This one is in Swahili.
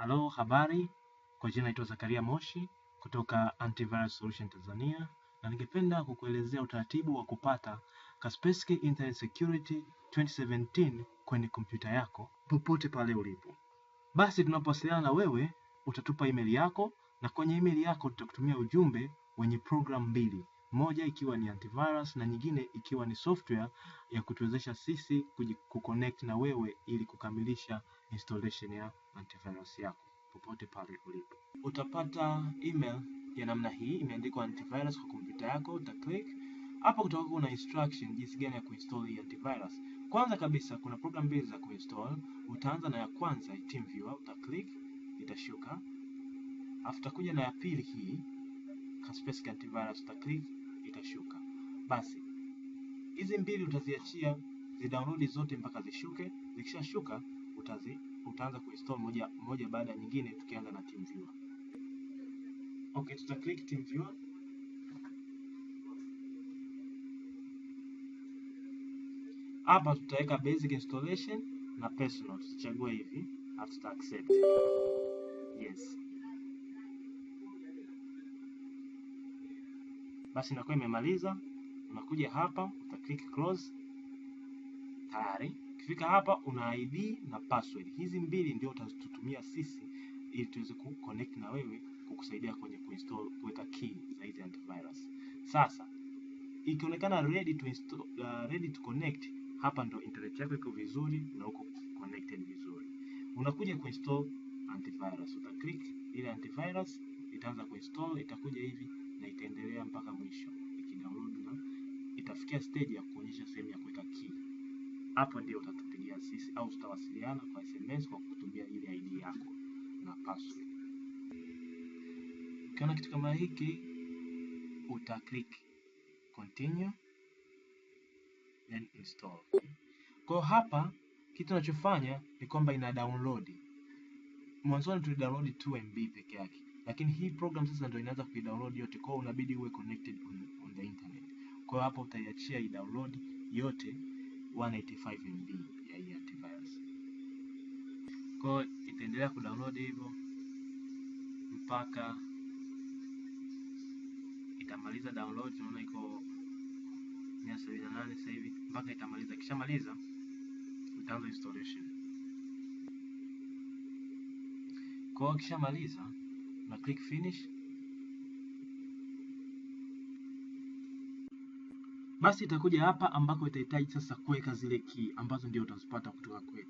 Halo, habari. Kwa jina naitwa Zakaria Moshi kutoka Antivirus Solution Tanzania, na ningependa kukuelezea utaratibu wa kupata Kaspersky Internet Security 2017 kwenye kompyuta yako popote pale ulipo. Basi tunapowasiliana na wewe, utatupa email yako na kwenye email yako tutakutumia ujumbe wenye programu mbili moja ikiwa ni antivirus na nyingine ikiwa ni software ya kutuwezesha sisi kuconnect na wewe ili kukamilisha installation ya antivirus yako popote pale ulipo. Utapata email ya namna hii imeandikwa antivirus kwa kompyuta yako, uta click hapo. Kutoka kuna instruction jinsi gani ya kuinstall hii antivirus. Kwanza kabisa kuna program mbili za kuinstall. Utaanza na ya kwanza TeamViewer, uta click itashuka, afu utakuja na ya pili hii Kaspersky Antivirus, uta click zitashuka. Basi hizi mbili utaziachia zidownload zote mpaka zishuke. Zikishashuka utazi utaanza kuinstall moja moja baada ya nyingine, tukianza na team viewer. Okay, tuta click team viewer. Hapa tutaweka basic installation na personal, tuchague hivi, after accept. Yes. basi inakuwa imemaliza. Unakuja hapa uta click close, tayari. Ukifika hapa una ID na password, hizi mbili ndio utazitumia sisi ili tuweze ku connect na wewe kukusaidia kwenye kuinstall kuweka key za hizi antivirus. Sasa ikionekana ready to install, uh, ready to connect, hapa ndo internet yako iko vizuri na uko connected vizuri. Unakuja kuinstall antivirus, uta click ile antivirus, itaanza kuinstall, itakuja hivi na itaenda Utafikia stage ya kuonyesha sehemu ya kuweka key. Hapo ndio utatupigia sisi au tutawasiliana kwa SMS kwa kutumia ile ID yako na password. Ukiona kitu kama hiki uta click continue then install. Kwa hapa kitu tunachofanya ni kwamba ina download. Mwanzoni tuli download 2 MB peke yake, lakini hii program sasa ndio inaanza kuidownload yote, kwa unabidi uwe connected on, on the internet. Kwa hiyo hapo utaiachia i download yote 185 MB ya hii antivirus. Kwa hiyo itaendelea ku download hivyo mpaka itamaliza download. Unaona iko 178 sasa hivi mpaka itamaliza. Ikishamaliza utaanza installation. Kwa hiyo kishamaliza na click finish. basi itakuja hapa ambako itahitaji sasa kuweka zile key ambazo ndio utazipata kutoka kwetu.